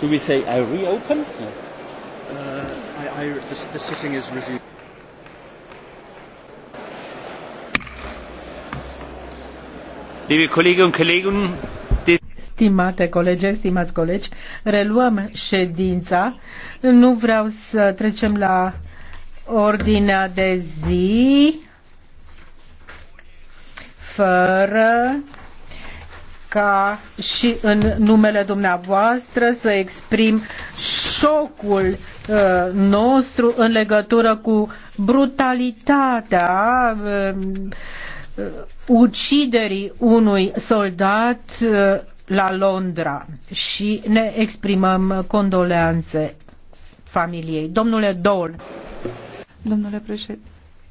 Do we say I reopen? No. Uh, I, I, the, the sitting is resumed. Liebe Kolleginnen und Kollegen, Stimate colege, stimați colegi, reluăm ședința. Nu vreau să trecem la ordinea de zi fără ca și în numele dumneavoastră să exprim șocul uh, nostru în legătură cu brutalitatea uh, uciderii unui soldat uh, la Londra și ne exprimăm condoleanțe familiei. Domnule Dol. Domnule,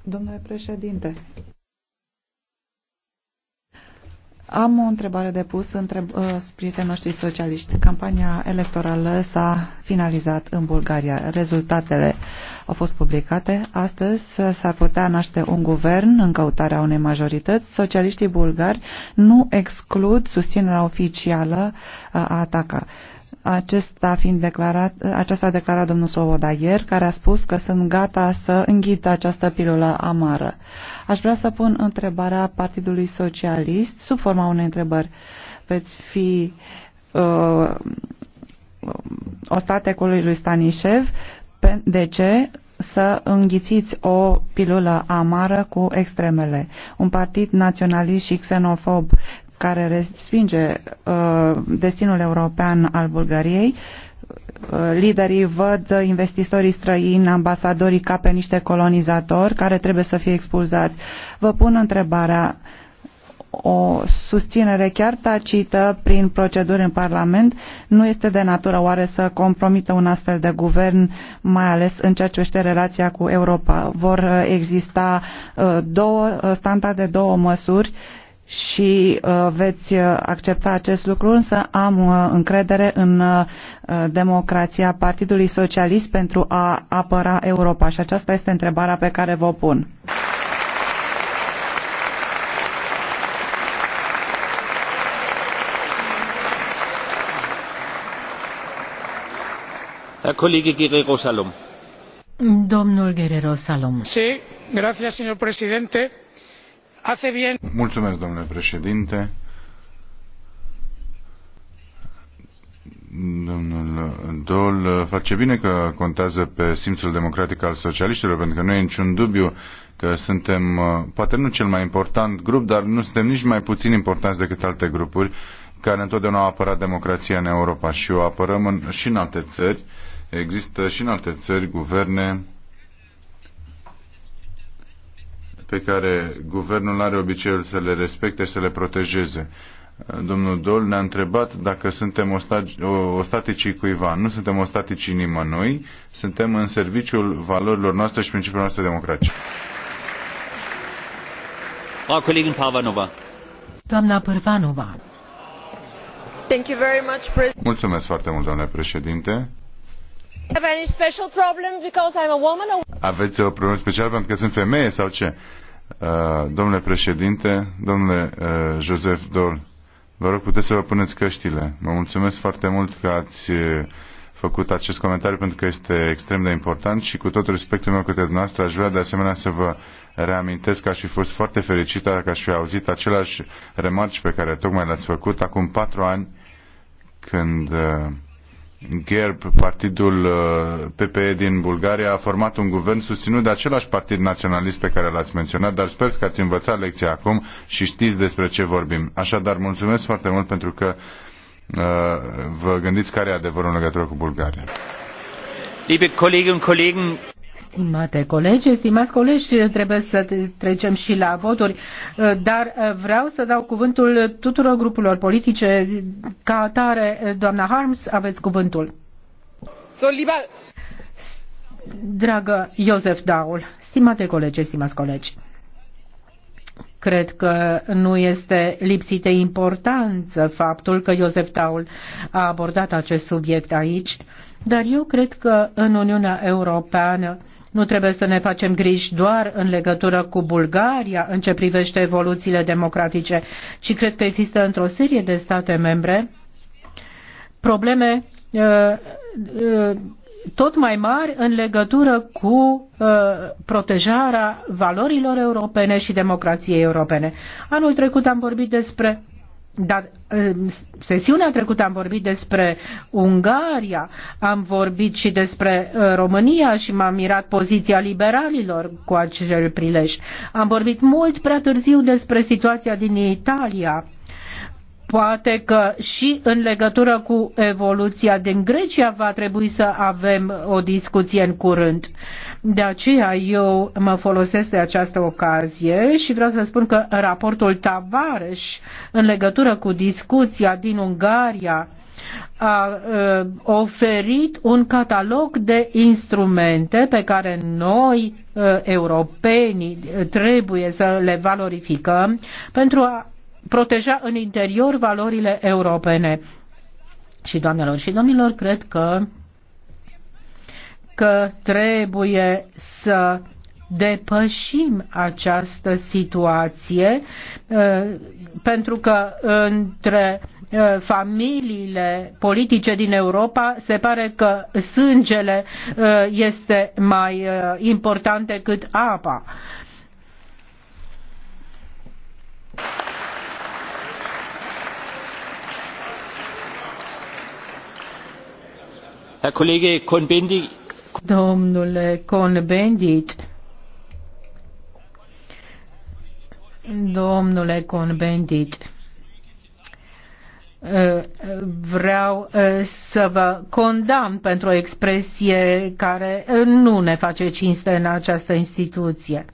Domnule președinte, am o întrebare de pus între uh, prietenii noștri socialiști. Campania electorală s-a finalizat în Bulgaria. Rezultatele au fost publicate. Astăzi s-ar putea naște un guvern în căutarea unei majorități. Socialiștii bulgari nu exclud susținerea oficială uh, a ataca. Uh, acesta fiind declarat, aceasta a declarat domnul Sovoda ieri, care a spus că sunt gata să înghită această pilulă amară. Aș vrea să pun întrebarea Partidului Socialist sub forma unei întrebări. Veți fi uh, ostatecului lui Stanișev de ce să înghițiți o pilulă amară cu extremele. Un partid naționalist și xenofob care respinge uh, destinul european al Bulgariei, uh, liderii văd investitorii străini, ambasadorii ca pe niște colonizatori care trebuie să fie expulzați. Vă pun întrebarea, o susținere chiar tacită prin proceduri în Parlament nu este de natură oare să compromită un astfel de guvern, mai ales în ceea ce este relația cu Europa. Vor uh, exista două standarde, două măsuri și uh, veți uh, accepta acest lucru, însă am uh, încredere în democrația Partidului Socialist pentru a apăra Europa și aceasta este întrebarea pe care vă pun. Guerrero Salom. Domnul Guerrero Salom. Sí, gracias, señor presidente hace bien. Mulțumesc, domnule președinte. Domnul Dol face bine că contează pe simțul democratic al socialiștilor, pentru că nu e niciun dubiu că suntem, uh, poate nu cel mai important grup, dar nu suntem nici mai puțin importanți decât alte grupuri care întotdeauna au apărat democrația în Europa și o apărăm în, și în alte țări. Există și în alte țări guverne pe care guvernul are obiceiul să le respecte și să le protejeze. Domnul Dol ne-a întrebat dacă suntem ostaticii cuiva. Nu suntem ostaticii nimănui, suntem în serviciul valorilor noastre și principiilor noastre democratice. Doamna Pârvanova. Thank you very much, Mulțumesc foarte mult, domnule președinte. Have any special problem because I'm a woman or... Aveți o problemă specială pentru că sunt femeie sau ce? Uh, domnule președinte, domnule uh, Joseph Dol, vă rog puteți să vă puneți căștile. Mă mulțumesc foarte mult că ați uh, făcut acest comentariu pentru că este extrem de important și cu tot respectul meu către dumneavoastră aș vrea de asemenea să vă reamintesc că aș fi fost foarte fericită dacă aș fi auzit aceleași remarci pe care tocmai le-ați făcut acum patru ani când uh, Gerb, partidul uh, PPE din Bulgaria, a format un guvern susținut de același partid naționalist pe care l-ați menționat, dar sper că ați învățat lecția acum și știți despre ce vorbim. Așadar, mulțumesc foarte mult pentru că uh, vă gândiți care e adevărul în legătură cu Bulgaria. Liebe Kolleginnen und Kollegen, Stimate colegi, stimați colegi, trebuie să trecem și la voturi, uh, dar uh, vreau să dau cuvântul tuturor grupurilor politice. Ca atare, uh, doamna Harms, aveți cuvântul. Solibal, Dragă Iosef Daul, stimate colegi, stimați colegi, cred că nu este lipsit de importanță faptul că Iosef Daul a abordat acest subiect aici, dar eu cred că în Uniunea Europeană nu trebuie să ne facem griji doar în legătură cu Bulgaria în ce privește evoluțiile democratice, ci cred că există într-o serie de state membre probleme uh, uh, tot mai mari în legătură cu uh, protejarea valorilor europene și democrației europene. Anul trecut am vorbit despre dar sesiunea trecută am vorbit despre Ungaria, am vorbit și despre uh, România și m-am mirat poziția liberalilor cu acel prilej. Am vorbit mult prea târziu despre situația din Italia. Poate că și în legătură cu evoluția din Grecia va trebui să avem o discuție în curând. De aceea eu mă folosesc de această ocazie și vreau să spun că raportul Tavares în legătură cu discuția din Ungaria a oferit un catalog de instrumente pe care noi, europenii, trebuie să le valorificăm pentru a proteja în interior valorile europene. Și doamnelor și domnilor, cred că că trebuie să depășim această situație uh, pentru că între uh, familiile politice din Europa se pare că sângele uh, este mai important decât apa. Herr Kollege kohn bendit Domnule Conbendit. domnule Conbendit, vreau eh, să vă condamn pentru o expresie care eh, nu ne face cinste în această instituție.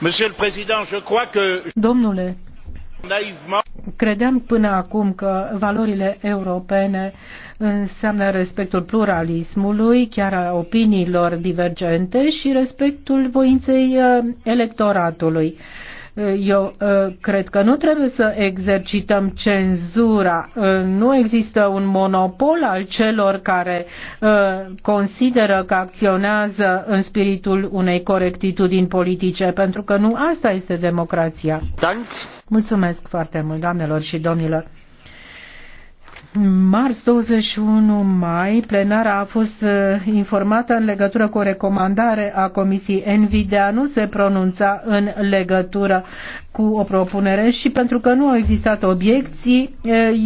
Monsieur le Président, je crois que... Domnule, Credeam până acum că valorile europene înseamnă respectul pluralismului, chiar a opiniilor divergente și respectul voinței uh, electoratului. Uh, eu uh, cred că nu trebuie să exercităm cenzura. Nu există un monopol al celor care consideră că acționează în spiritul unei corectitudini politice, pentru că nu asta este democrația. Thanks. Mulțumesc foarte mult, doamnelor și domnilor. Marți 21 mai, plenara a fost uh, informată în legătură cu o recomandare a Comisiei Envi de a nu se pronunța în legătură cu o propunere și pentru că nu au existat obiecții, uh,